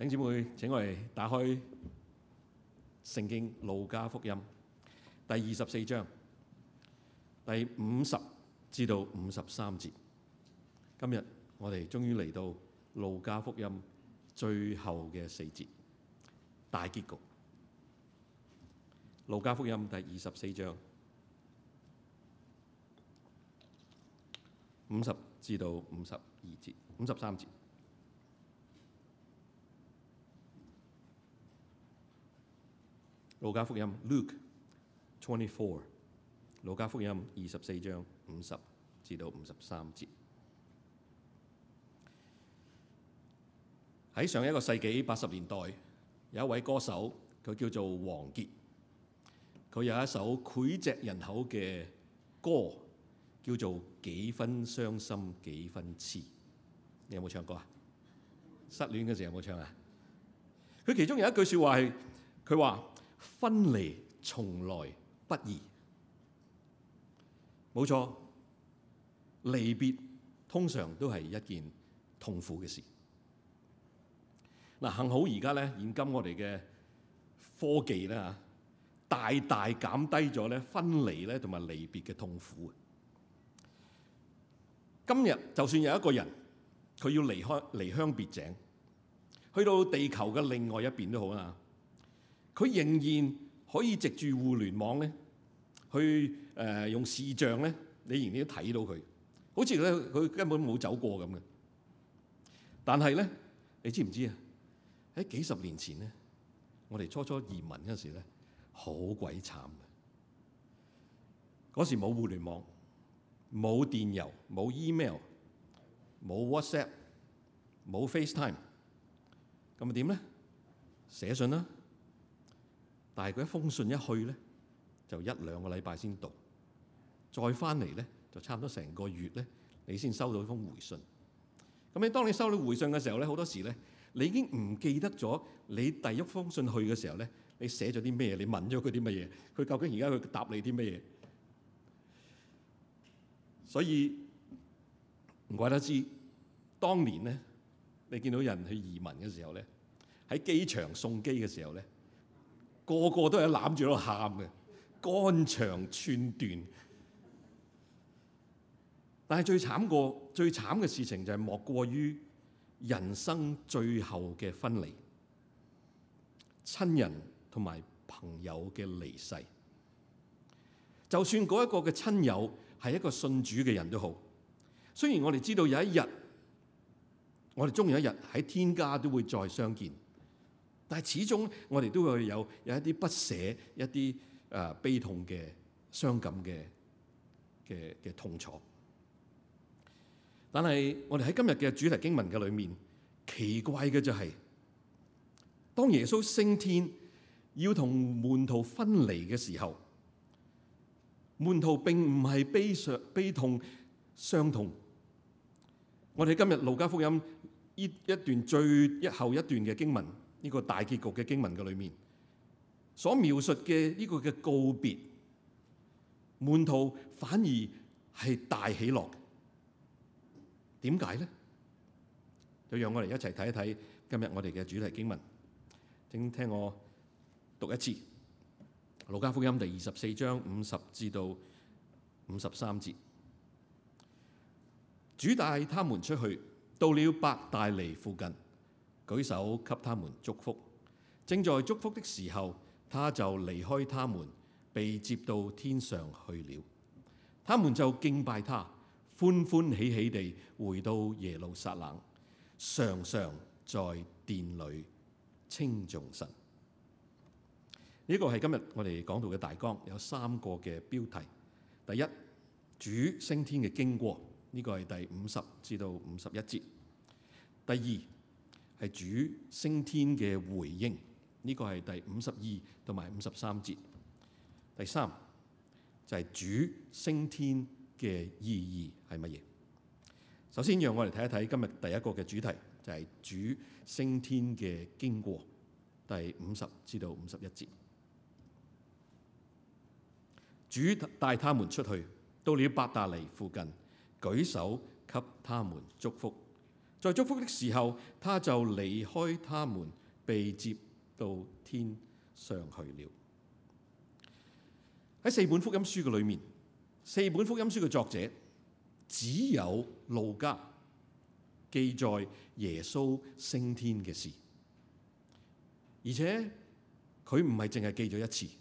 弟兄姊妹，請我哋打開《聖經路加福音》第二十四章第五十至到五十三節。今日我哋終於嚟到路加福音最後嘅四節大結局。路加福音第二十四章五十至到五十二節、五十三節。路加福音 Luke Twenty Four，路加福音二十四章五十至到五十三節。喺上一個世紀八十年代，有一位歌手，佢叫做王傑，佢有一首膾炙人口嘅歌，叫做《幾分傷心幾分痴》。你有冇唱過啊？失戀嘅時候有冇唱啊？佢其中有一句說話係，佢話。分離從來不易，冇錯。離別通常都係一件痛苦嘅事。嗱，幸好而家咧，現今我哋嘅科技咧大大減低咗咧分離咧同埋離別嘅痛苦。今日就算有一個人，佢要離開離鄉別井，去到地球嘅另外一邊都好啦。佢仍然可以藉住互聯網咧，去誒、呃、用視像咧，你仍然都睇到佢，好似咧佢根本冇走過咁嘅。但係咧，你知唔知啊？喺幾十年前咧，我哋初初移民嗰陣時咧，好鬼慘嘅。嗰時冇互聯網，冇電郵，冇 email，冇 WhatsApp，冇 FaceTime，咁咪點咧？寫信啦。但係佢一封信一去咧，就一兩個禮拜先到，再翻嚟咧就差唔多成個月咧，你先收到一封回信。咁你，當你收到回信嘅時候咧，好多時咧，你已經唔記得咗你第一封信去嘅時候咧，你寫咗啲咩，你問咗佢啲乜嘢，佢究竟而家佢答你啲乜嘢？所以唔怪得之，當年咧，你見到人去移民嘅時候咧，喺機場送機嘅時候咧。個個都係攬住喺度喊嘅，肝腸寸斷。但係最慘個、最慘嘅事情就係莫過於人生最後嘅分離，親人同埋朋友嘅離世。就算嗰一個嘅親友係一個信主嘅人都好，雖然我哋知道有一日，我哋終有一日喺天家都會再相見。但係，始終我哋都會有有一啲不捨、一啲啊悲痛嘅傷感嘅嘅嘅痛楚。但係，我哋喺今日嘅主題經文嘅裏面，奇怪嘅就係、是、當耶穌升天要同門徒分離嘅時候，門徒並唔係悲傷悲痛傷痛，痛。我哋今日路加福音呢一段最後一段嘅經文。呢、這個大結局嘅經文嘅裏面，所描述嘅呢個嘅告別，門徒反而係大喜樂。點解咧？就讓我哋一齊睇一睇今日我哋嘅主題經文。請聽我讀一次《路加福音》第二十四章五十至到五十三節。主帶他們出去，到了伯大尼附近。舉手給他們祝福，正在祝福的時候，他就離開他們，被接到天上去了。他們就敬拜他，歡歡喜喜地回到耶路撒冷，常常在殿裏稱頌神。呢個係今日我哋講道嘅大綱，有三個嘅標題。第一，主升天嘅經過，呢個係第五十至到五十一節。第二。係主升天嘅回應，呢、這個係第五十二同埋五十三節。第三就係、是、主升天嘅意義係乜嘢？首先，讓我哋睇一睇今日第一個嘅主題，就係、是、主升天嘅經過，第五十至到五十一節。主帶他們出去，到了伯大尼附近，舉手給他們祝福。在祝福的時候，他就離開他們，被接到天上去了。喺四本福音書嘅裏面，四本福音書嘅作者只有路加記載耶穌升天嘅事，而且佢唔係淨係記咗一次，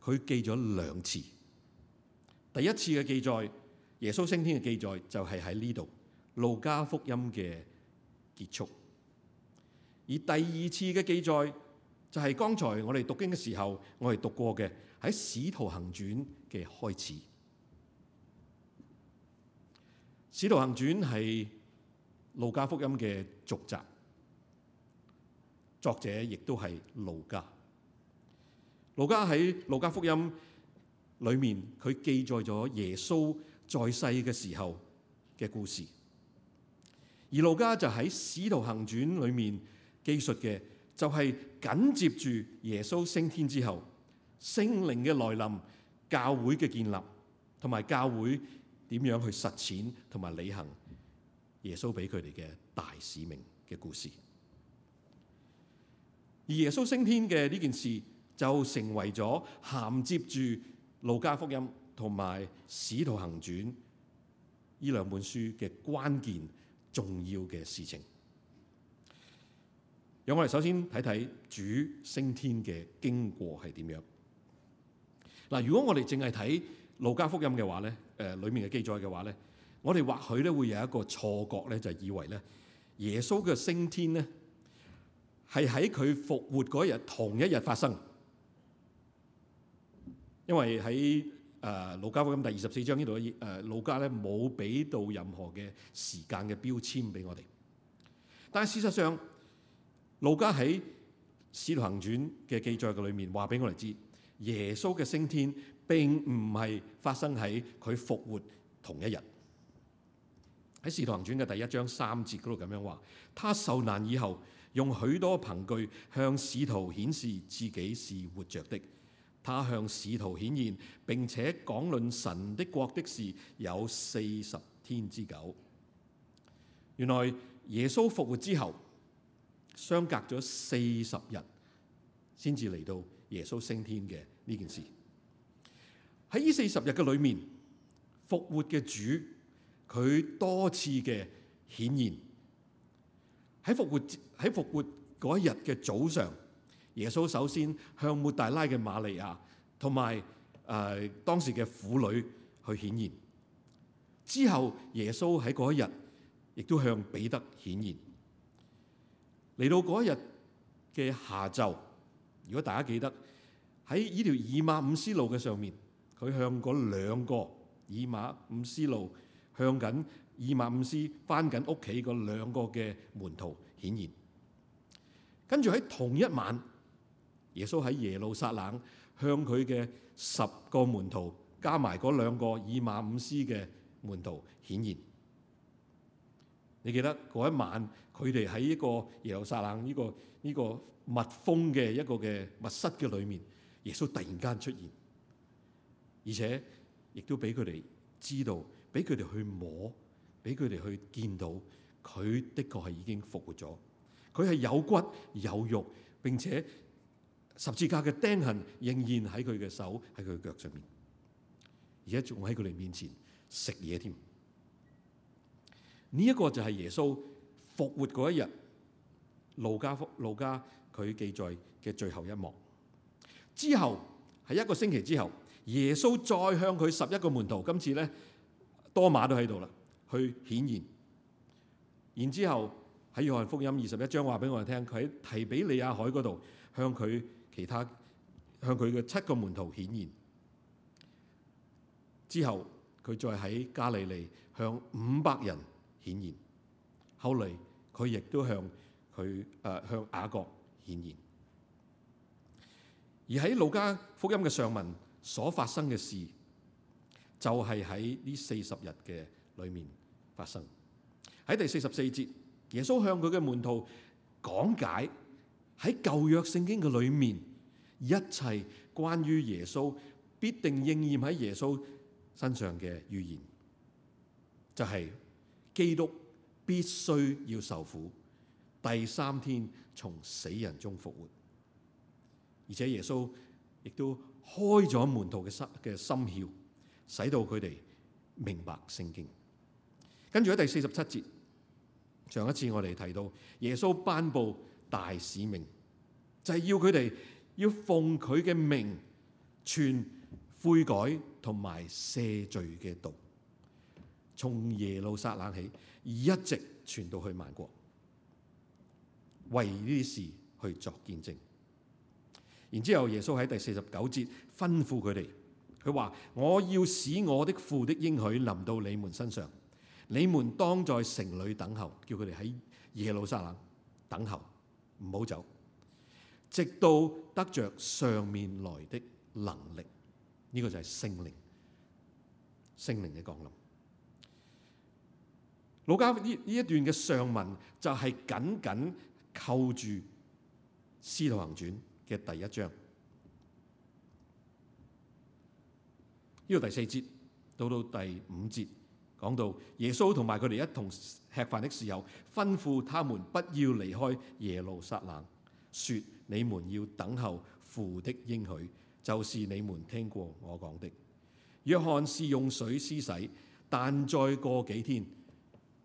佢記咗兩次。第一次嘅記載，耶穌升天嘅記載就係喺呢度。路加福音嘅結束，而第二次嘅記載就係剛才我哋讀經嘅時候，我哋讀過嘅喺《使徒行傳》嘅開始，《使徒行傳》係路加福音嘅續集，作者亦都係路加。路加喺路加福音裏面，佢記載咗耶穌在世嘅時候嘅故事。而《路加就喺《使徒行傳》裏面記述嘅，就係、是、緊接住耶穌升天之後，聖靈嘅來臨、教會嘅建立，同埋教會點樣去實踐同埋履行耶穌俾佢哋嘅大使命嘅故事。而耶穌升天嘅呢件事，就成為咗銜接住《路加福音》同埋《使徒行傳》呢兩本書嘅關鍵。重要嘅事情，讓我哋首先睇睇主升天嘅經過係點樣。嗱，如果我哋淨係睇路加福音嘅話咧，誒裏面嘅記載嘅話咧，我哋或許咧會有一個錯覺咧，就係以為咧耶穌嘅升天咧係喺佢復活嗰日同一日發生，因為喺誒路加福音第二十四章呢度咧，誒路加咧冇俾到任何嘅時間嘅標籤俾我哋，但係事實上，路加喺《使徒行傳》嘅記載嘅裏面話俾我哋知，耶穌嘅升天並唔係發生喺佢復活同一日。喺《使徒行傳》嘅第一章三節嗰度咁樣話：他受難以後，用許多憑據向使徒顯示自己是活着的。他向使徒顯現，並且講論神的國的事，有四十天之久。原來耶穌復活之後，相隔咗四十日，先至嚟到耶穌升天嘅呢件事。喺呢四十日嘅裏面，復活嘅主佢多次嘅顯現。喺復活喺復活嗰一日嘅早上，耶穌首先向抹大拉嘅瑪利亞同埋誒當時嘅婦女去顯現，之後耶穌喺嗰一日亦都向彼得顯現。嚟到嗰一日嘅下晝，如果大家記得喺呢條以馬忤斯路嘅上面，佢向嗰兩個以馬忤斯路向緊以馬忤斯返緊屋企嗰兩個嘅門徒顯現，跟住喺同一晚。耶穌喺耶路撒冷向佢嘅十個門徒，加埋嗰兩個以馬忤斯嘅門徒顯現。你記得嗰一晚，佢哋喺一個耶路撒冷呢個呢個密封嘅一個嘅密室嘅裏面，耶穌突然間出現，而且亦都俾佢哋知道，俾佢哋去摸，俾佢哋去見到，佢的確係已經復活咗。佢係有骨有肉，並且，十字架嘅釘痕仍然喺佢嘅手、喺佢嘅腳上面，而家仲喺佢哋面前食嘢添。呢、這、一個就係耶穌復活嗰一日，《路加福音》路加佢記載嘅最後一幕。之後喺一個星期之後，耶穌再向佢十一個門徒，今次咧多馬都喺度啦，去顯現。然之後喺《約翰福音》二十一章話俾我哋聽，佢喺提比利亞海嗰度向佢。其他向佢嘅七個門徒顯現，之後佢再喺加利利向五百人顯現，後嚟佢亦都向佢誒、呃、向雅各顯現。而喺《路加福音》嘅上文所發生嘅事，就係喺呢四十日嘅裏面發生。喺第四十四節，耶穌向佢嘅門徒講解。喺舊約聖經嘅裏面，一切關於耶穌必定應驗喺耶穌身上嘅預言，就係、是、基督必須要受苦，第三天從死人中復活，而且耶穌亦都開咗門徒嘅心嘅心竅，使到佢哋明白聖經。跟住喺第四十七節，上一次我哋提到耶穌頒布。大使命就係要佢哋要奉佢嘅名傳悔改同埋赦罪嘅道，從耶路撒冷起，一直傳到去萬國，為呢啲事去作見證。然之後耶穌喺第四十九節吩咐佢哋，佢話我要使我的父的應許臨到你們身上，你們當在城裏等候，叫佢哋喺耶路撒冷等候。唔好走，直到得着上面來的能力，呢個就係聖靈，聖靈嘅降臨。老家呢呢一段嘅上文就係緊緊扣住《使徒行傳》嘅第一章，呢個第四節到到第五節。講到耶穌同埋佢哋一同吃飯的時候，吩咐他們不要離開耶路撒冷，說：你們要等候父的應許，就是你們聽過我講的。約翰是用水施洗，但再過幾天，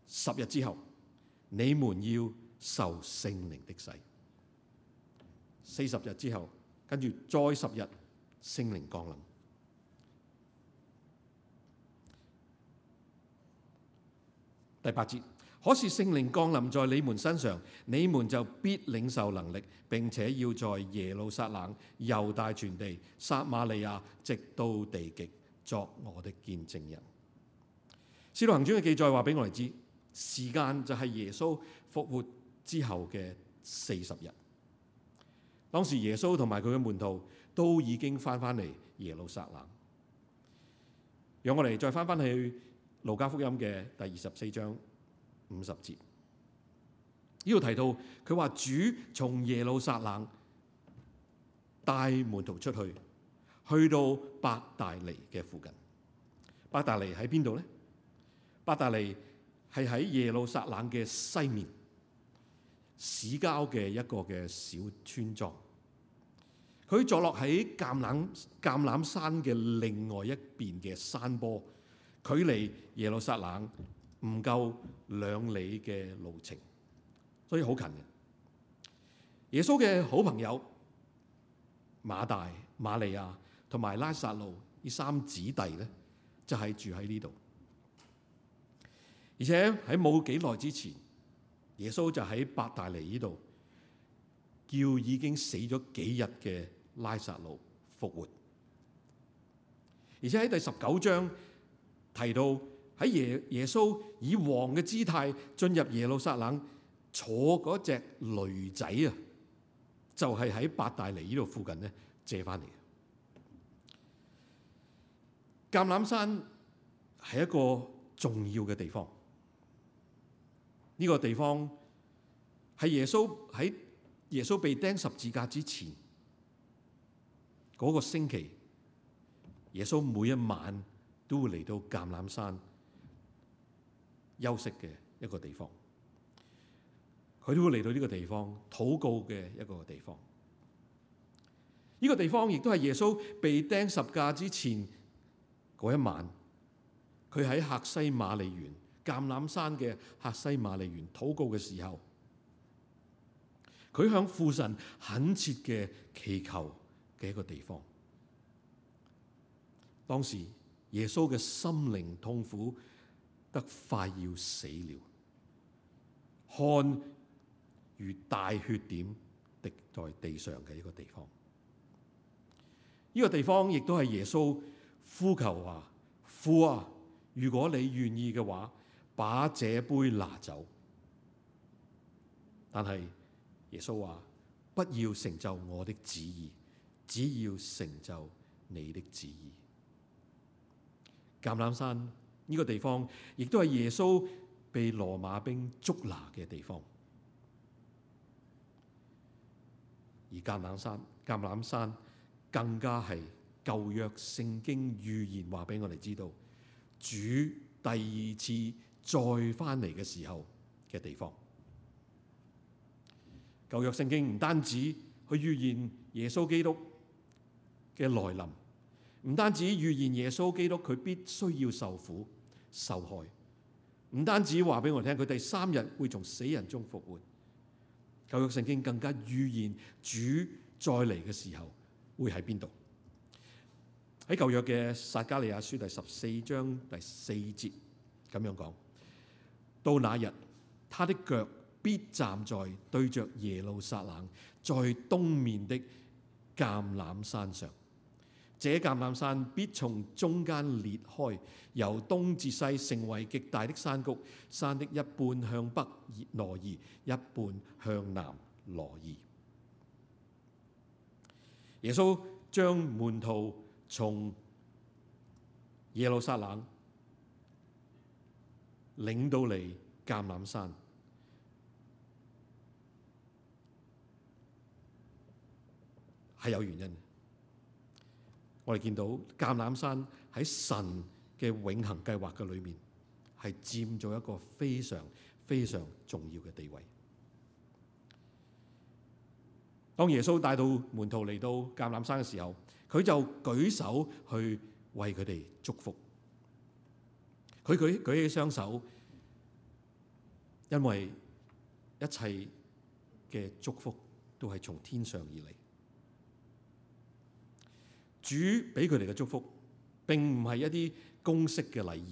十日之後，你們要受聖靈的洗。四十日之後，跟住再十日，聖靈降臨。第八節，可是聖靈降臨在你們身上，你們就必領受能力，並且要在耶路撒冷、猶大全地、撒瑪利亞，直到地極作我的見證人。《使徒行傳》嘅記載話俾我哋知，時間就係耶穌復活之後嘅四十日。當時耶穌同埋佢嘅門徒都已經翻翻嚟耶路撒冷。讓我哋再翻翻去。路加福音嘅第二十四章五十節，呢度提到佢話主從耶路撒冷帶門徒出去，去到伯大尼嘅附近。伯大尼喺邊度咧？伯大尼係喺耶路撒冷嘅西面市郊嘅一個嘅小村莊，佢坐落喺橄欖橄欖山嘅另外一邊嘅山坡。距離耶路撒冷唔夠兩里嘅路程，所以好近嘅。耶穌嘅好朋友馬大、馬利亞同埋拉撒路呢三子弟咧，就係、是、住喺呢度。而且喺冇幾耐之前，耶穌就喺伯大尼呢度叫已經死咗幾日嘅拉撒路復活。而且喺第十九章。提到喺耶耶穌以王嘅姿態進入耶路撒冷，坐嗰隻驢仔啊，就係、是、喺伯大尼呢度附近咧借翻嚟嘅。橄欖山係一個重要嘅地方，呢、這個地方係耶穌喺耶穌被釘十字架之前嗰、那個星期，耶穌每一晚。都會嚟到橄欖山休息嘅一個地方，佢都會嚟到呢個地方禱告嘅一個地方。呢、這個地方亦都係耶穌被釘十架之前嗰一晚，佢喺客西馬尼園、橄欖山嘅客西馬尼園禱告嘅時候，佢向父神懇切嘅祈求嘅一個地方。當時。耶穌嘅心靈痛苦得快要死了，汗如大血點滴在地上嘅一個地方，呢、這個地方亦都係耶穌呼求話：父啊，如果你願意嘅話，把這杯拿走。但係耶穌話：不要成就我的旨意，只要成就你的旨意。橄欖山呢個地方，亦都係耶穌被羅馬兵捉拿嘅地方。而橄欖山、橄欖山更加係舊約聖經預言話俾我哋知道，主第二次再翻嚟嘅時候嘅地方。舊約聖經唔單止去預言耶穌基督嘅來臨。唔單止預言耶穌基督佢必須要受苦受害，唔單止話俾我聽佢第三日會從死人中復活，舊約聖經更加預言主再嚟嘅時候會喺邊度？喺舊約嘅撒迦利亞書第十四章第四節咁樣講：到那日，他的腳必站在對着耶路撒冷在東面的橄欖山上。這橄欖山必從中間裂開，由東至西成為極大的山谷，山的一半向北挪移，一半向南挪移。耶穌將門徒從耶路撒冷領到嚟橄欖山，係有原因。我哋見到橄欖山喺神嘅永恒計劃嘅裏面，係佔咗一個非常非常重要嘅地位。當耶穌帶到門徒嚟到橄欖山嘅時候，佢就舉手去為佢哋祝福。佢舉舉起雙手，因為一切嘅祝福都係從天上而嚟。主俾佢哋嘅祝福，並唔係一啲公式嘅禮儀，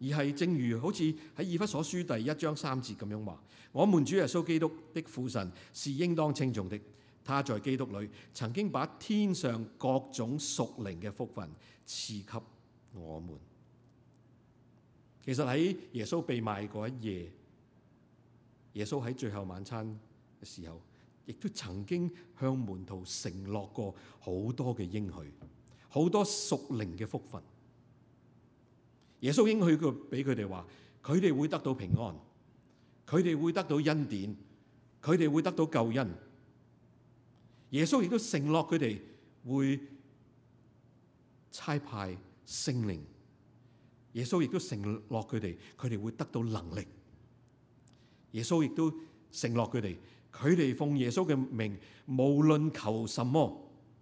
而係正如好似喺《以弗所書》第一章三節咁樣話：我們主耶穌基督的父神是應當稱頌的，他在基督裏曾經把天上各種屬靈嘅福分賜給我們。其實喺耶穌被賣嗰一夜，耶穌喺最後晚餐嘅時候。亦都曾經向門徒承諾過好多嘅應許，好多屬靈嘅福分。耶穌應許佢畀佢哋話，佢哋會得到平安，佢哋會得到恩典，佢哋會得到救恩。耶穌亦都承諾佢哋會差派聖靈。耶穌亦都承諾佢哋，佢哋會得到能力。耶穌亦都承諾佢哋。佢哋奉耶穌嘅名，無論求什麼，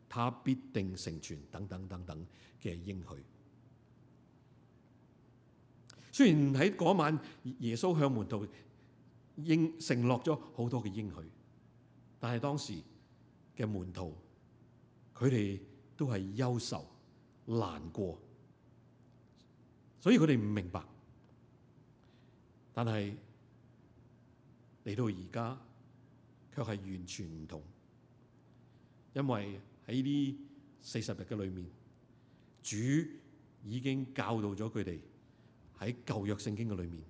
他必定成全，等等等等嘅應許。雖然喺嗰晚耶穌向門徒承諾應承諾咗好多嘅應許，但係當時嘅門徒，佢哋都係憂愁、難過，所以佢哋唔明白。但係嚟到而家。卻係完全唔同，因為喺呢四十日嘅裏面，主已經教導咗佢哋喺舊約聖經嘅裏面，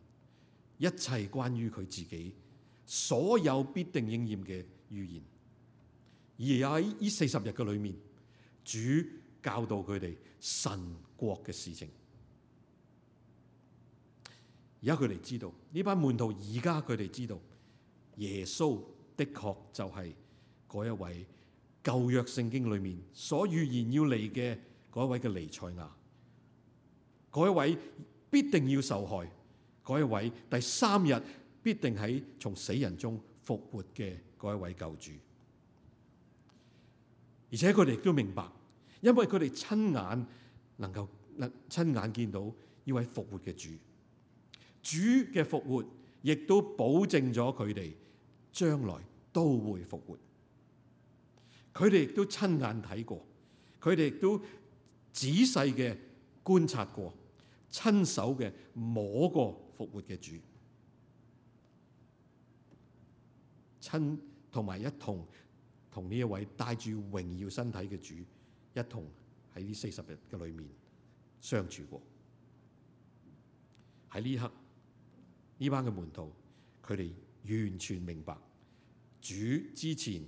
一切關於佢自己所有必定應驗嘅預言，而又喺呢四十日嘅裏面，主教導佢哋神國嘅事情。而家佢哋知道呢班門徒，而家佢哋知道耶穌。的確就係嗰一位舊約聖經裏面所預言要嚟嘅嗰一位嘅彌賽亞，嗰一位必定要受害，嗰一位第三日必定喺從死人中復活嘅嗰一位救主。而且佢哋亦都明白，因為佢哋親眼能夠、能親眼見到呢位復活嘅主，主嘅復活亦都保證咗佢哋將來。都會復活，佢哋亦都親眼睇過，佢哋亦都仔細嘅觀察過，親手嘅摸過復活嘅主，親同埋一同同呢一位帶住榮耀身體嘅主一同喺呢四十日嘅裏面相處過，喺呢一刻，呢班嘅門徒，佢哋完全明白。主之前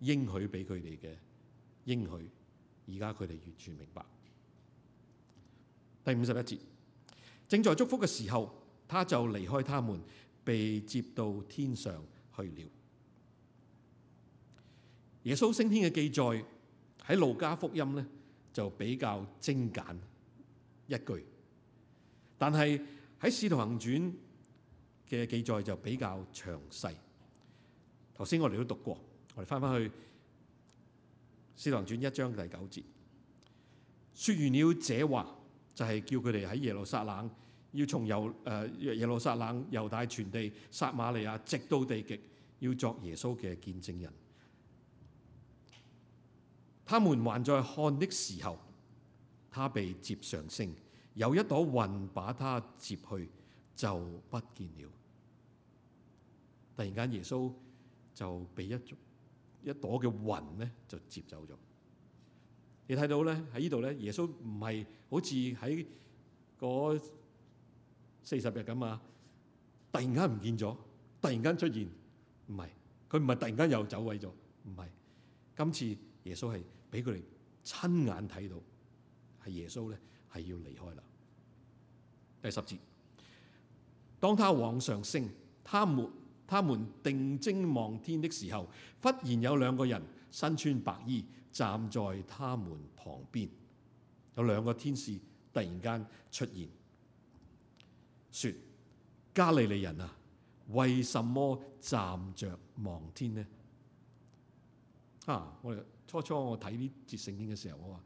應許俾佢哋嘅應許，而家佢哋完全明白。第五十一節，正在祝福嘅時候，他就離開他們，被接到天上去了。耶穌升天嘅記載喺路加福音呢，就比較精簡一句，但係喺《使徒行傳》嘅記載就比較詳細。頭先我哋都讀過，我哋返返去《使徒行傳》一章第九節，說完了這話，就係、是、叫佢哋喺耶路撒冷，要從猶誒耶路撒冷猶大全地撒瑪利亞直到地極，要作耶穌嘅見證人。他們還在看的時候，他被接上升，有一朵雲把他接去，就不見了。突然間耶穌。就俾一一朵嘅雲咧，就接走咗。你睇到咧，喺呢度咧，耶穌唔係好似喺嗰四十日咁啊，突然間唔見咗，突然間出現，唔係，佢唔係突然間又走位咗，唔係，今次耶穌係俾佢哋親眼睇到，係耶穌咧係要離開啦。第十節，當他往上升，他沒。他們定睛望天的時候，忽然有兩個人身穿白衣站在他們旁邊。有兩個天使突然間出現，說：加利利人啊，為什麼站着望天呢？啊！我哋初初我睇呢節聖經嘅時候，我話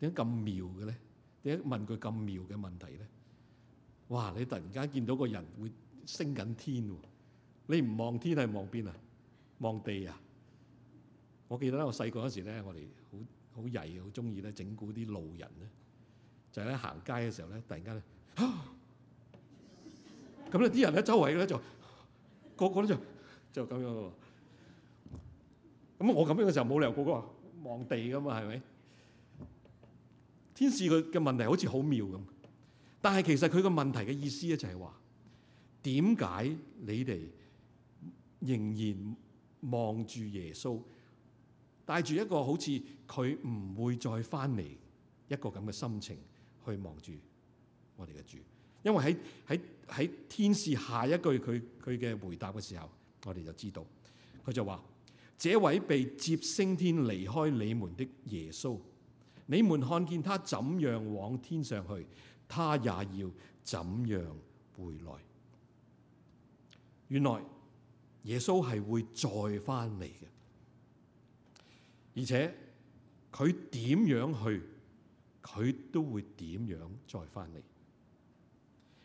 點解咁妙嘅咧？點解問佢咁妙嘅問題咧？哇！你突然間見到個人會升緊天喎，啊？你唔望天係望邊啊？望地啊！我記得咧，我細個嗰時咧，我哋好好曳，好中意咧整蠱啲路人咧，就喺咧行街嘅時候咧，突然間嚇，咁咧啲人咧周圍咧就個個咧就就咁樣喎。咁我咁樣嘅時候冇理由個個望地噶嘛，係咪？天使佢嘅問題好似好妙咁，但係其實佢個問題嘅意思咧就係話點解你哋？仍然望住耶穌，帶住一個好似佢唔會再返嚟一個咁嘅心情去望住我哋嘅主，因為喺喺喺天使下一句佢佢嘅回答嘅時候，我哋就知道佢就話：這位被接升天離開你們的耶穌，你們看見他怎樣往天上去，他也要怎樣回來。原來。耶穌係會再翻嚟嘅，而且佢點樣去，佢都會點樣再翻嚟。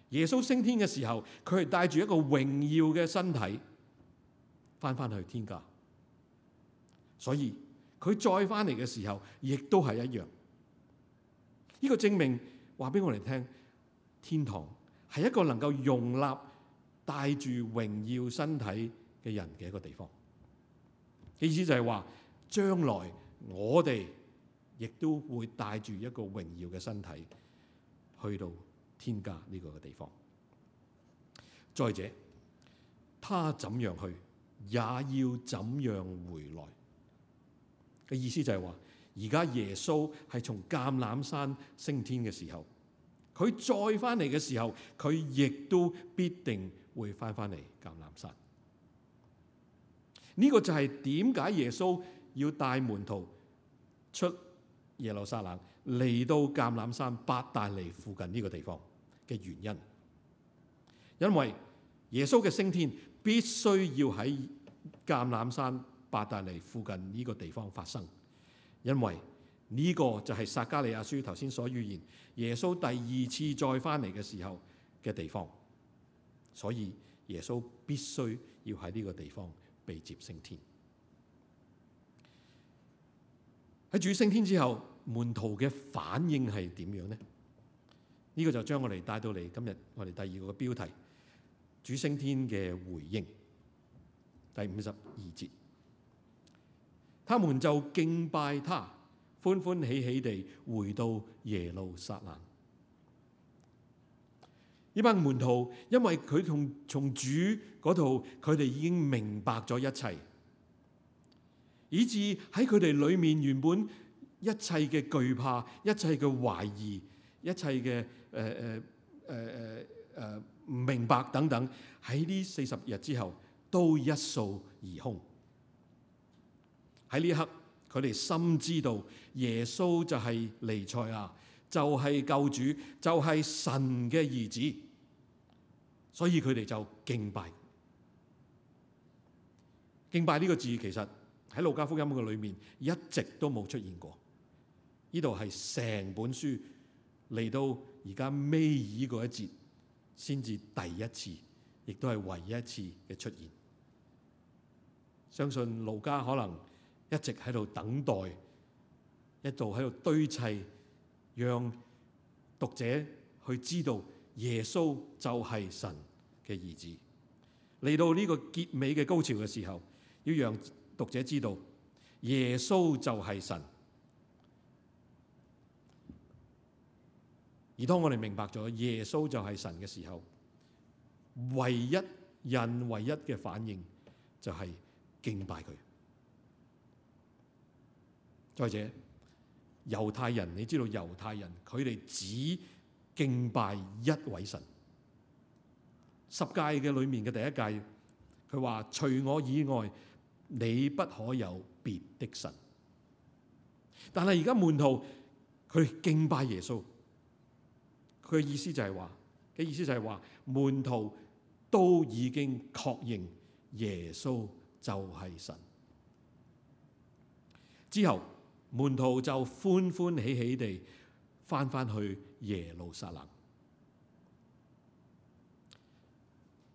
耶穌升天嘅時候，佢係帶住一個榮耀嘅身體翻翻去天家，所以佢再翻嚟嘅時候，亦都係一樣。呢、這個證明話俾我哋聽，天堂係一個能夠容納帶住榮耀身體。嘅人嘅一個地方，意思就係話，將來我哋亦都會帶住一個榮耀嘅身體去到天家呢個嘅地方。再者，他怎樣去，也要怎樣回來。嘅意思就係話，而家耶穌係從橄欖山升天嘅時候，佢再翻嚟嘅時候，佢亦都必定會翻翻嚟橄欖山。呢個就係點解耶穌要帶門徒出耶路撒冷，嚟到橄欖山伯大尼附近呢個地方嘅原因。因為耶穌嘅升天必須要喺橄欖山伯大尼附近呢個地方發生，因為呢個就係撒迦利亞書頭先所預言耶穌第二次再翻嚟嘅時候嘅地方，所以耶穌必須要喺呢個地方。被接升天，喺主升天之後，門徒嘅反應係點樣呢？呢、這個就將我哋帶到嚟今日我哋第二個嘅標題：主升天嘅回應，第五十二節。他們就敬拜他，歡歡喜喜地回到耶路撒冷。呢班門徒，因為佢同從主嗰度，佢哋已經明白咗一切，以至喺佢哋裏面原本一切嘅懼怕、一切嘅懷疑、一切嘅誒誒誒誒誒唔明白等等，喺呢四十日之後都一掃而空。喺呢刻，佢哋深知道耶穌就係尼賽亞。就係救主，就係神嘅兒子，所以佢哋就敬拜。敬拜呢個字其實喺路加福音嘅裏面一直都冇出現過，呢度係成本書嚟到而家尾二嗰一節先至第一次，亦都係唯一一次嘅出現。相信路加可能一直喺度等待，一度喺度堆砌。讓讀者去知道耶穌就係神嘅兒子。嚟到呢個結尾嘅高潮嘅時候，要讓讀者知道耶穌就係神。而當我哋明白咗耶穌就係神嘅時候，唯一人唯一嘅反應就係敬拜佢。再者。猶太人，你知道猶太人佢哋只敬拜一位神。十戒嘅裏面嘅第一戒，佢話，除我以外你不可有別的神。但係而家門徒佢哋敬拜耶穌，佢嘅意思就係話，嘅意思就係話，門徒都已經確認耶穌就係神。之後。門徒就歡歡喜喜地返返去耶路撒冷。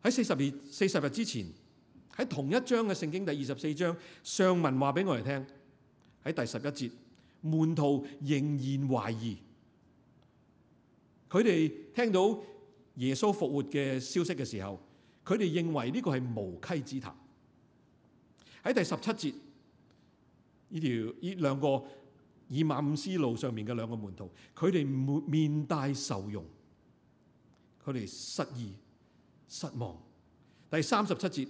喺四十日四十日之前，喺同一章嘅聖經第二十四章上文話俾我哋聽，喺第十一節，門徒仍然懷疑。佢哋聽到耶穌復活嘅消息嘅時候，佢哋認為呢個係無稽之談。喺第十七節。呢條呢兩個以馬忤斯路上面嘅兩個門徒，佢哋面面帶愁容，佢哋失意失望。第三十七節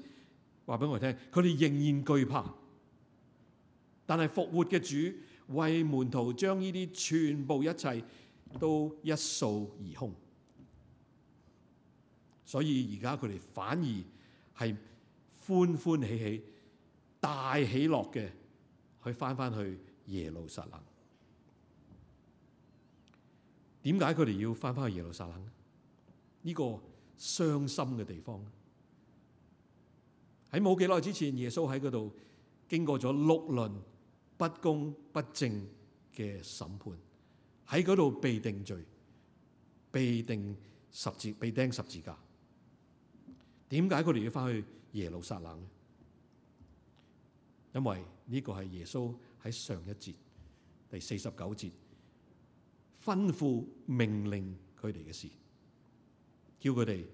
話俾我哋聽，佢哋仍然懼怕，但係復活嘅主為門徒將呢啲全部一切都一掃而空，所以而家佢哋反而係歡歡喜喜、大喜樂嘅。佢翻翻去耶路撒冷，點解佢哋要翻翻去耶路撒冷呢？呢個傷心嘅地方。喺冇幾耐之前，耶穌喺嗰度經過咗六輪不公不正嘅審判，喺嗰度被定罪、被定十字、被釘十字架。點解佢哋要翻去耶路撒冷？因為呢個係耶穌喺上一節第四十九節吩咐命令佢哋嘅事，叫佢哋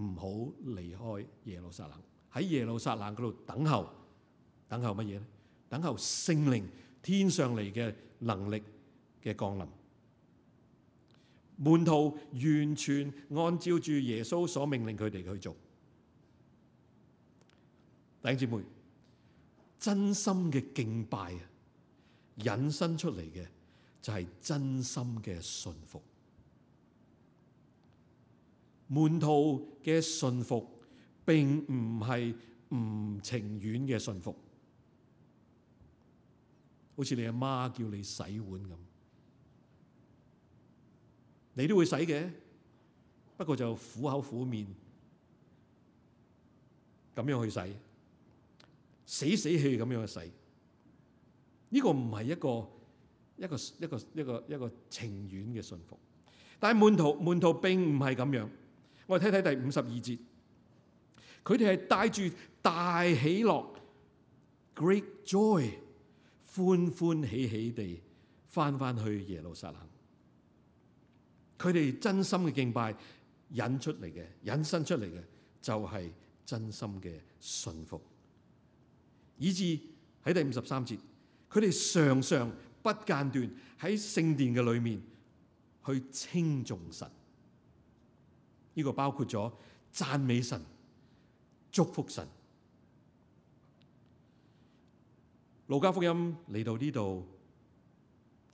唔好離開耶路撒冷，喺耶路撒冷嗰度等候，等候乜嘢咧？等候聖靈天上嚟嘅能力嘅降臨。門徒完全按照住耶穌所命令佢哋去做，弟兄姊妹。真心嘅敬拜啊，引申出嚟嘅就係真心嘅信服。滿肚嘅信服，並唔係唔情願嘅信服。好似你阿媽叫你洗碗咁，你都會洗嘅，不過就苦口苦面咁樣去洗。死死去咁樣嘅死，呢個唔係一個一個一個一個一個情願嘅信服，但係門徒門徒並唔係咁樣。我哋睇睇第五十二節，佢哋係帶住大喜樂 （great joy），歡歡喜喜地翻翻去耶路撒冷。佢哋真心嘅敬拜引出嚟嘅，引申出嚟嘅就係真心嘅信服。以至喺第五十三節，佢哋常常不間斷喺聖殿嘅裏面去稱頌神。呢、這個包括咗讚美神、祝福神。路加福音嚟到呢度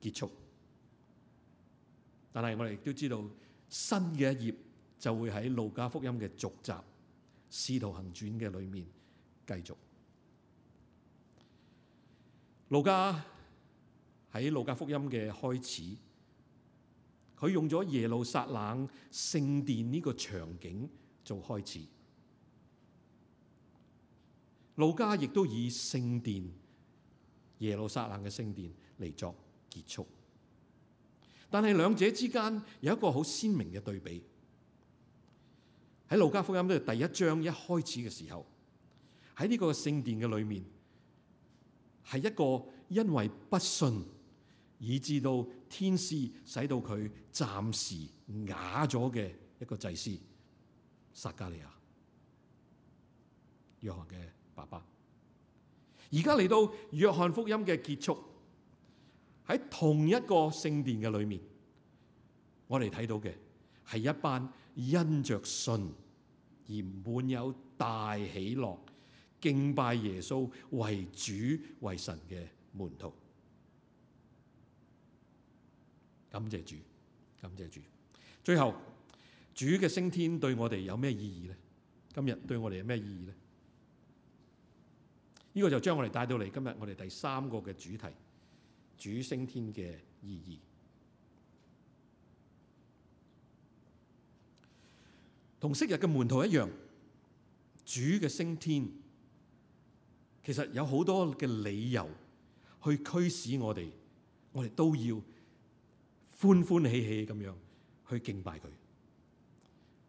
結束，但係我哋亦都知道新嘅一頁就會喺路加福音嘅續集《使徒行傳》嘅裏面繼續。路加喺路加福音嘅開始，佢用咗耶路撒冷聖殿呢個場景做開始。路加亦都以聖殿耶路撒冷嘅聖殿嚟作結束。但係兩者之間有一個好鮮明嘅對比。喺路加福音第一章一開始嘅時候，喺呢個聖殿嘅裏面。係一個因為不信，以至到天使使到佢暫時啞咗嘅一個祭司，撒加利亞，約翰嘅爸爸。而家嚟到約翰福音嘅結束，喺同一個聖殿嘅裏面，我哋睇到嘅係一班因着信而滿有大喜樂。敬拜耶穌為主為神嘅門徒，感謝主，感謝主。最後主嘅升天對我哋有咩意義呢？今日對我哋有咩意義呢？呢個就將我哋帶到嚟今日我哋第三個嘅主題：主升天嘅意義，同昔日嘅門徒一樣，主嘅升天。其實有好多嘅理由去驅使我哋，我哋都要歡歡喜喜咁樣去敬拜佢。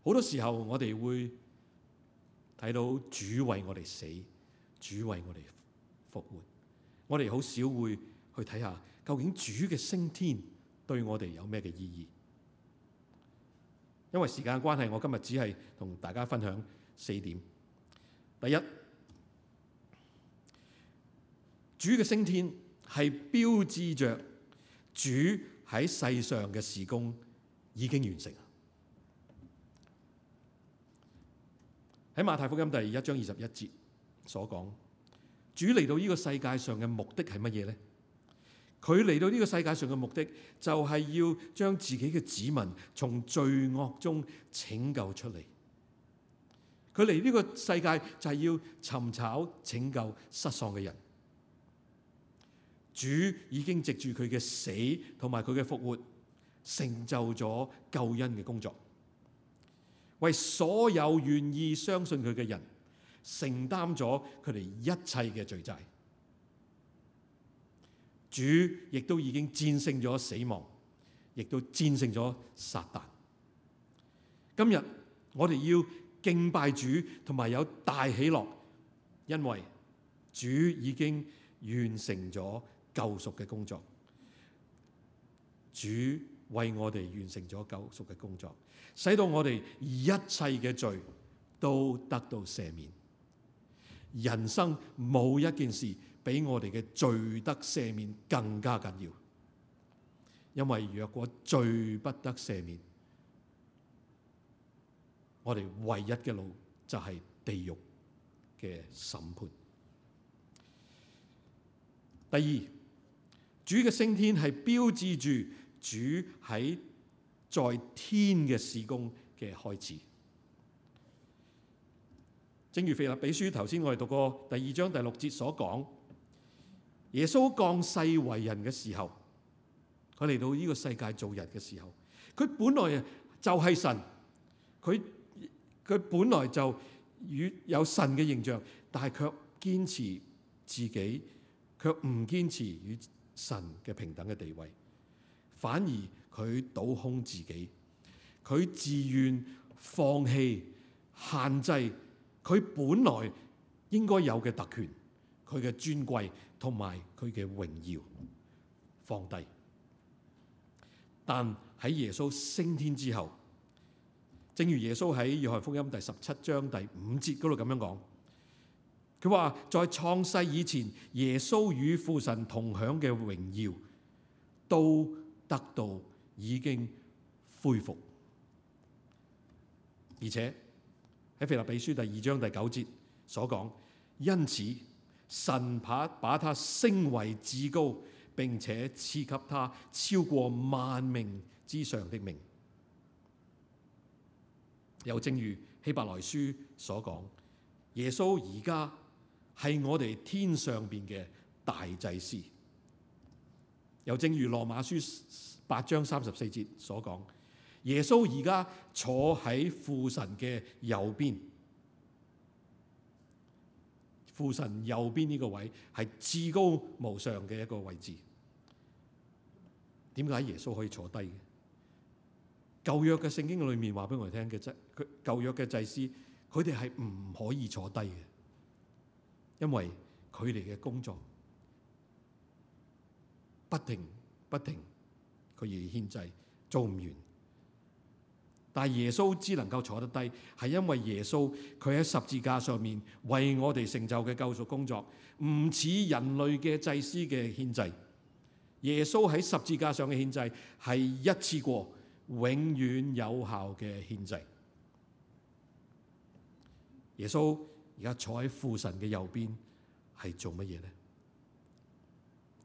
好多時候我哋會睇到主為我哋死，主為我哋復活，我哋好少會去睇下究竟主嘅升天對我哋有咩嘅意義。因為時間關係，我今日只係同大家分享四點。第一，主嘅升天係標誌着主喺世上嘅事工已經完成。喺馬太福音第一章二十一節所講，主嚟到呢個世界上嘅目的係乜嘢咧？佢嚟到呢個世界上嘅目的就係要將自己嘅子民從罪惡中拯救出嚟。佢嚟呢個世界就係要尋找拯救失喪嘅人。主已經藉住佢嘅死同埋佢嘅復活，成就咗救恩嘅工作，為所有願意相信佢嘅人承擔咗佢哋一切嘅罪債。主亦都已經戰勝咗死亡，亦都戰勝咗撒旦。今日我哋要敬拜主，同埋有大喜樂，因為主已經完成咗。救贖嘅工作，主為我哋完成咗救贖嘅工作，使到我哋一切嘅罪都得到赦免。人生冇一件事比我哋嘅罪得赦免更加緊要，因為若果罪不得赦免，我哋唯一嘅路就係地獄嘅審判。第二。主嘅升天係標誌住主喺在，在天嘅事工嘅開始。正如《腓立比書》頭先我哋讀過第二章第六節所講，耶穌降世為人嘅時候，佢嚟到呢個世界做人嘅時候，佢本來就係神，佢佢本來就與有神嘅形象，但係卻堅持自己，卻唔堅持與。神嘅平等嘅地位，反而佢倒空自己，佢自願放棄，限制佢本來應該有嘅特權，佢嘅尊貴同埋佢嘅榮耀放低。但喺耶穌升天之後，正如耶穌喺《約翰福音》第十七章第五節嗰度咁樣講。佢話在創世以前，耶穌與父神同享嘅榮耀都得到已經恢復，而且喺《腓立比書》第二章第九節所講，因此神把把他升為至高，並且賜給他超過萬名之上的名。又正如希伯來書所講，耶穌而家。係我哋天上邊嘅大祭司，又正如羅馬書八章三十四節所講，耶穌而家坐喺父神嘅右邊，父神右邊呢個位係至高無上嘅一個位置。點解耶穌可以坐低嘅？舊約嘅聖經裏面話俾我哋聽嘅啫，佢舊約嘅祭司佢哋係唔可以坐低嘅。因為佢哋嘅工作不停不停，佢嘅獻祭做唔完。但係耶穌只能夠坐得低，係因為耶穌佢喺十字架上面為我哋成就嘅救贖工作，唔似人類嘅祭司嘅獻祭。耶穌喺十字架上嘅獻祭係一次過永遠有效嘅獻祭。耶穌。而家坐喺父神嘅右邊係做乜嘢呢？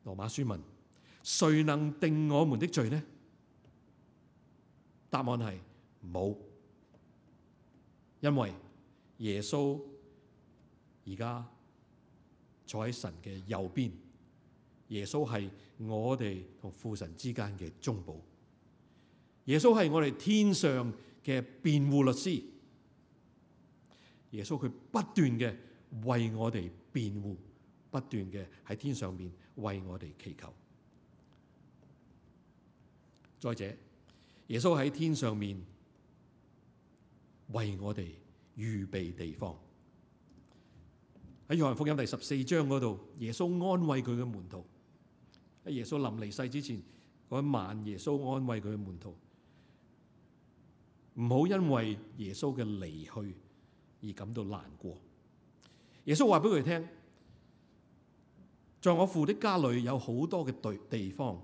羅馬書問：「誰能定我們的罪呢？」答案係冇，因為耶穌而家坐喺神嘅右邊。耶穌係我哋同父神之間嘅中保，耶穌係我哋天上嘅辯護律師。耶穌佢不斷嘅為我哋辯護，不斷嘅喺天上邊為我哋祈求。再者，耶穌喺天上邊為我哋預備地方。喺約翰福音第十四章嗰度，耶穌安慰佢嘅門徒。喺耶穌臨離世之前嗰晚，耶穌安慰佢嘅門徒：唔好因為耶穌嘅離去而感到難過，耶穌話俾佢哋聽：在我父的家裏有好多嘅對地方，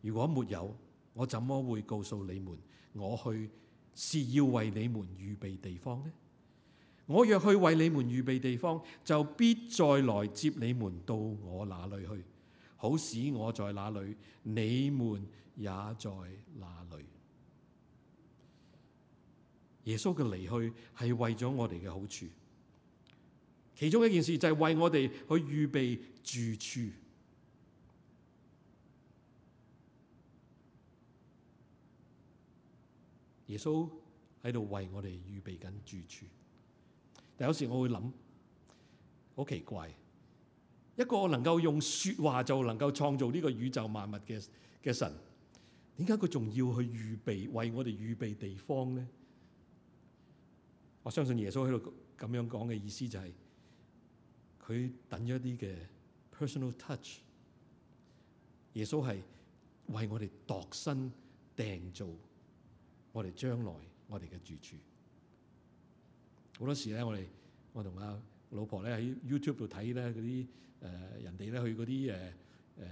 如果沒有，我怎麼會告訴你們，我去是要為你們預備地方呢？我若去為你們預備地方，就必再來接你們到我那裡去，好使我在那裡，你們也在那裡。耶穌嘅離去係為咗我哋嘅好處，其中一件事就係為我哋去預備住處。耶穌喺度為我哋預備緊住處，但有時我會諗，好奇怪，一個能夠用說話就能夠創造呢個宇宙萬物嘅嘅神，點解佢仲要去預備為我哋預備地方咧？我相信耶穌喺度咁樣講嘅意思就係、是，佢等咗一啲嘅 personal touch。耶穌係為我哋度身訂造我哋將來我哋嘅住處。好多時咧，我哋我同阿老婆咧喺 YouTube 度睇咧嗰啲誒人哋咧去嗰啲誒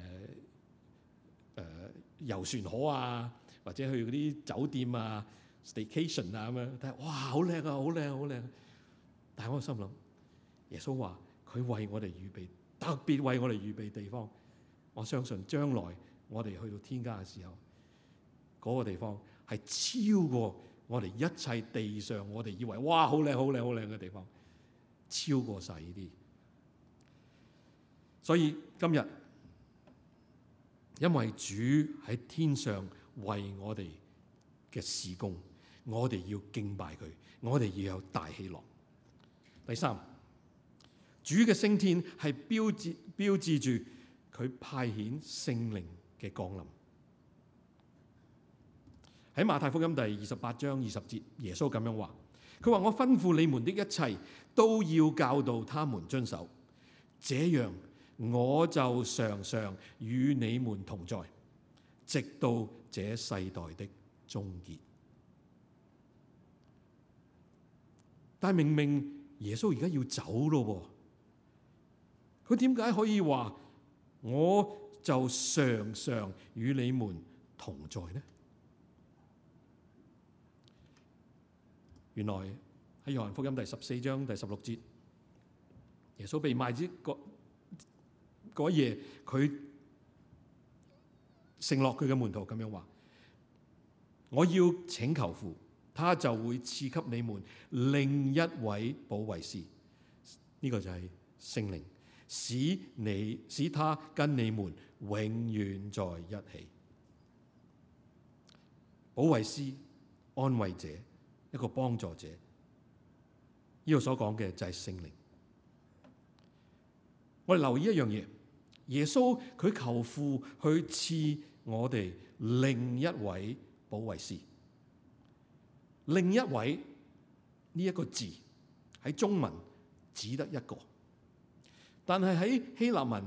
誒誒遊船河啊，或者去嗰啲酒店啊。station 啊咁樣，但係哇好靚啊，好靚好靚！但係我心諗，耶穌話佢為我哋預備，特別為我哋預備地方。我相信將來我哋去到天家嘅時候，嗰個地方係超過我哋一切地上我哋以為哇好靚好靚好靚嘅地方，超過晒呢啲。所以今日因為主喺天上為我哋嘅事工。我哋要敬拜佢，我哋要有大喜樂。第三，主嘅升天係標誌標誌住佢派遣聖靈嘅降臨。喺馬太福音第二十八章二十節，耶穌咁樣話，佢話，我吩咐你們的一切都要教導他們遵守，這樣我就常常與你們同在，直到這世代的終結。但係明明耶穌而家要走咯喎，佢點解可以話我就常常與你們同在呢？原來喺《約翰福音》第十四章第十六節，耶穌被賣之嗰嗰夜，佢承諾佢嘅門徒咁樣話：我要請求父。他就會賜給你們另一位保惠師，呢、這個就係聖靈，使你使他跟你們永遠在一起。保惠師、安慰者、一個幫助者，呢度所講嘅就係聖靈。我哋留意一樣嘢，耶穌佢求父去賜我哋另一位保惠師。另一位呢一個字喺中文只得一個，但係喺希臘文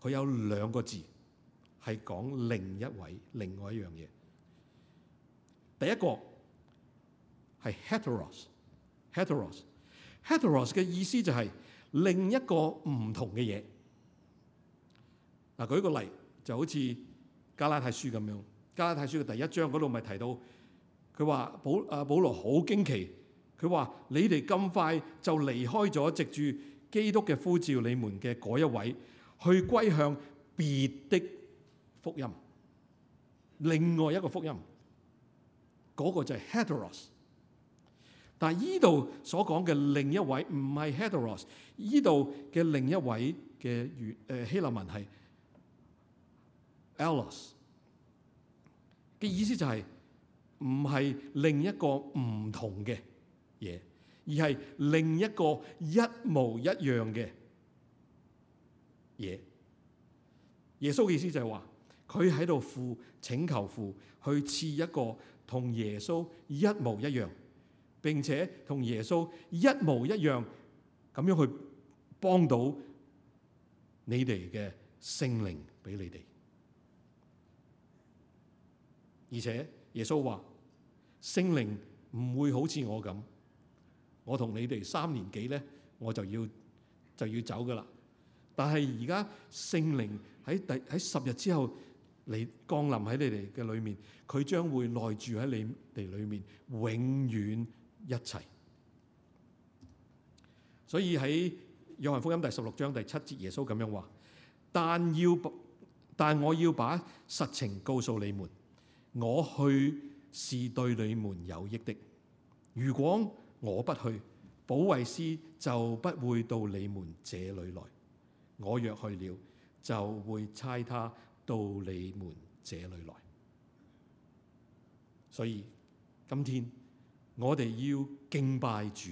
佢有兩個字係講另一位、另外一樣嘢。第一個係 heteros，heteros，heteros 嘅意思就係另一個唔同嘅嘢。嗱，舉個例就好似加拉太書咁樣，加拉太書嘅第一章嗰度咪提到。佢話保啊，保羅好驚奇。佢話你哋咁快就離開咗藉住基督嘅呼召你們嘅嗰一位，去歸向別的福音，另外一個福音。嗰、那個就係 heteros。但係呢度所講嘅另一位唔係 heteros，呢度嘅另一位嘅原誒希臘文係 allos。嘅意思就係、是。唔係另一個唔同嘅嘢，而係另一個一模一樣嘅嘢。耶穌嘅意思就係話，佢喺度父請求父去賜一個同耶穌一模一樣，並且同耶穌一模一樣咁樣去幫到你哋嘅聖靈俾你哋。而且耶穌話。聖靈唔會好似我咁，我同你哋三年幾咧，我就要就要走噶啦。但係而家聖靈喺第喺十日之後嚟降臨喺你哋嘅裏面，佢將會內住喺你哋裏面永遠一齊。所以喺約翰福音第十六章第七節，耶穌咁樣話：但要但我要把實情告訴你們，我去。是對你們有益的。如果我不去，保惠師就不會到你們這裏來。我若去了，就會差他到你們這裏來。所以今天我哋要敬拜主，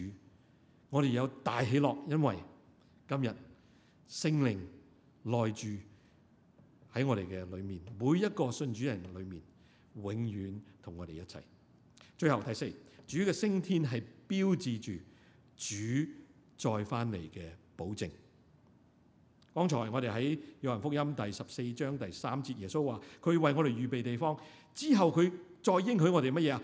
我哋有大喜樂，因為今日聖靈內住喺我哋嘅裏面，每一個信主人裏面。永遠同我哋一齊。最後第四，主嘅升天係標誌住主再翻嚟嘅保證。剛才我哋喺《約翰福音》第十四章第三節，耶穌話佢為我哋預備地方，之後佢再應許我哋乜嘢啊？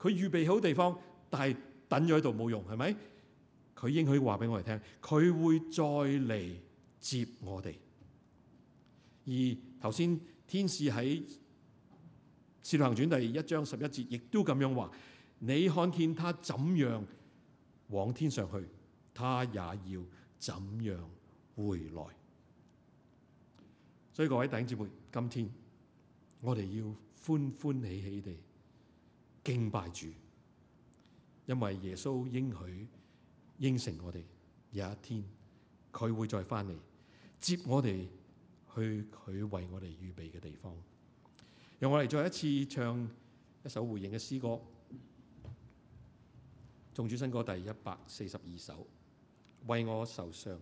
佢預備好地方，但係等咗喺度冇用，係咪？佢應許話俾我哋聽，佢會再嚟接我哋。而頭先天使喺。《使徒行傳》第一章十一節，亦都咁樣話：你看見他怎樣往天上去，他也要怎樣回來。所以各位弟兄姊妹，今天我哋要歡歡喜喜地敬拜主，因為耶穌應許、應承我哋，有一天佢會再翻嚟接我哋去佢為我哋預備嘅地方。讓我哋再一次唱一首回應嘅詩歌，《頌主新歌》第一百四十二首，《為我受傷》。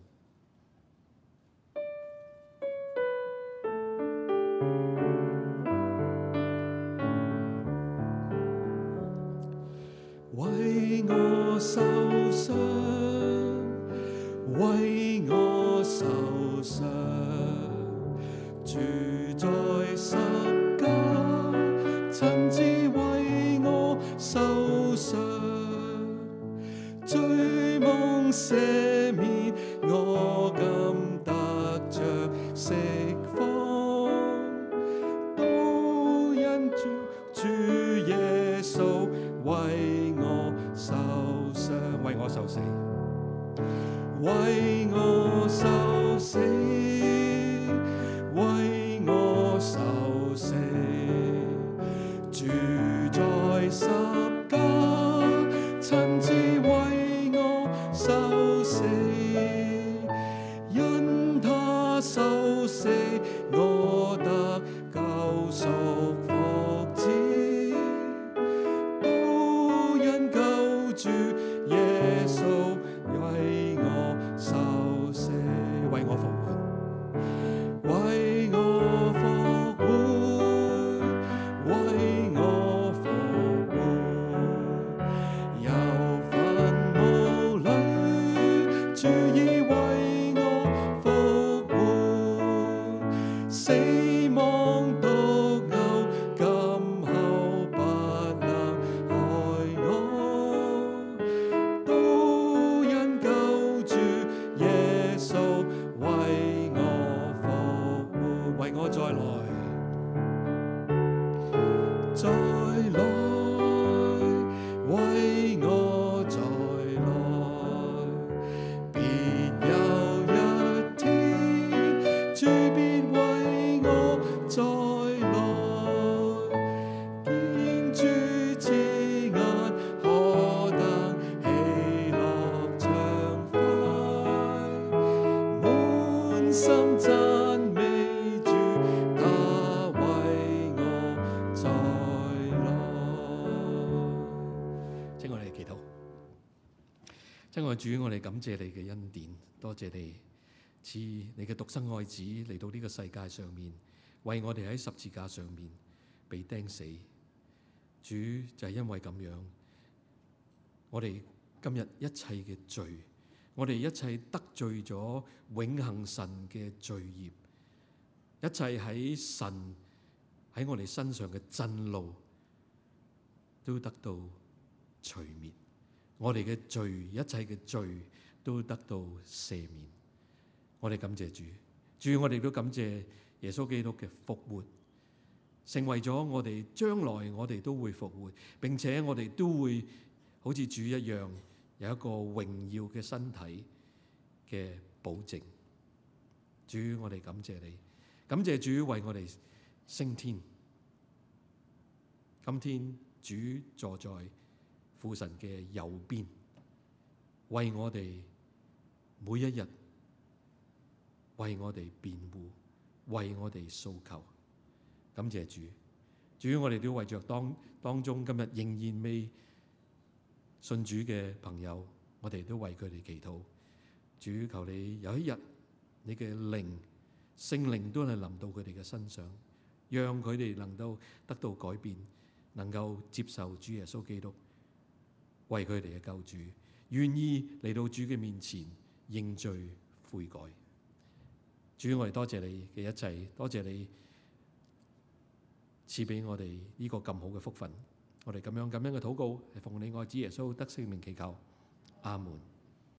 主，我哋感謝你嘅恩典，多謝你賜你嘅獨生愛子嚟到呢個世界上面，為我哋喺十字架上面被釘死。主就係、是、因為咁樣，我哋今日一切嘅罪，我哋一切得罪咗永恆神嘅罪孽，一切喺神喺我哋身上嘅震怒，都得到除滅。我哋嘅罪，一切嘅罪都得到赦免。我哋感謝主，主，我哋都感謝耶穌基督嘅復活，成為咗我哋將來我哋都會復活，並且我哋都會好似主一樣，有一個榮耀嘅身體嘅保證。主，我哋感謝你，感謝主為我哋升天。今天，主坐在。父神嘅右邊，為我哋每一日為我哋辯護，為我哋訴求。感謝主，主，我哋都為着當當中今日仍然未信主嘅朋友，我哋都為佢哋祈禱。主求你有一日，你嘅靈聖靈都係臨到佢哋嘅身上，讓佢哋能夠得到，得到改變，能夠接受主耶穌基督，為佢哋嘅救主，願意嚟到主嘅面前認罪悔改。主，我哋多謝你嘅一切，多謝你賜俾我哋呢個咁好嘅福分。我哋咁樣咁樣嘅禱告，係奉你愛子耶穌得聖名祈求。阿門。